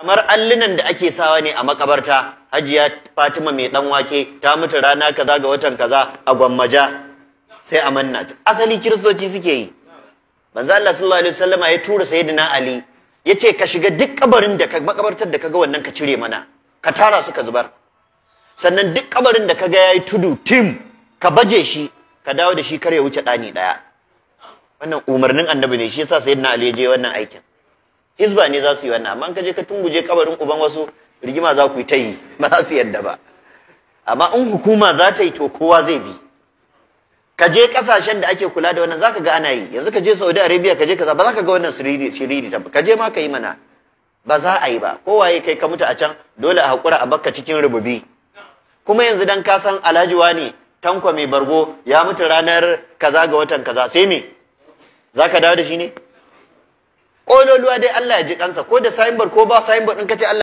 kamar allunan da ake sawa ne a makabarta hajiya fatima mai dan wake ta mutu rana kaza ga watan kaza a gwammaja sai a manna asali kiristoci suke yi manzo Allah sallallahu alaihi wasallama ya tura sayyidina ali yace ka shiga duk kabarin da ka makabartar da kaga wannan ka cire mana ka tara su ka zubar sannan duk kabarin da kaga yayi tudu tim ka baje shi ka dawo da shi kar ya wuce dani daya wannan umarnin annabi ne shi yasa sayyidina ali ya je wannan aikin hizba ne za su yi wannan amma ka je ka tunguje kabarin uban wasu rigima za ku yi ta yi ba za su yadda ba amma in hukuma za ta yi to kowa zai bi ka je kasashen da ake kula da wannan za ka ga ana yi yanzu ka je Saudi Arabia ka je kaza ba za ka ga wannan siriri ta ka je ma ka yi mana ba za a yi ba kowaye kai ka mutu a can dole a hakura a bakka cikin rububi kuma yanzu dan ka san Alhaji wani tankwa mai bargo ya mutu ranar kaza ga watan kaza sai me zaka dawo da shi ne ƙololuwa dai Allah ya ji kansa ko da sayin bar ko ba sayin bar ka kace Allah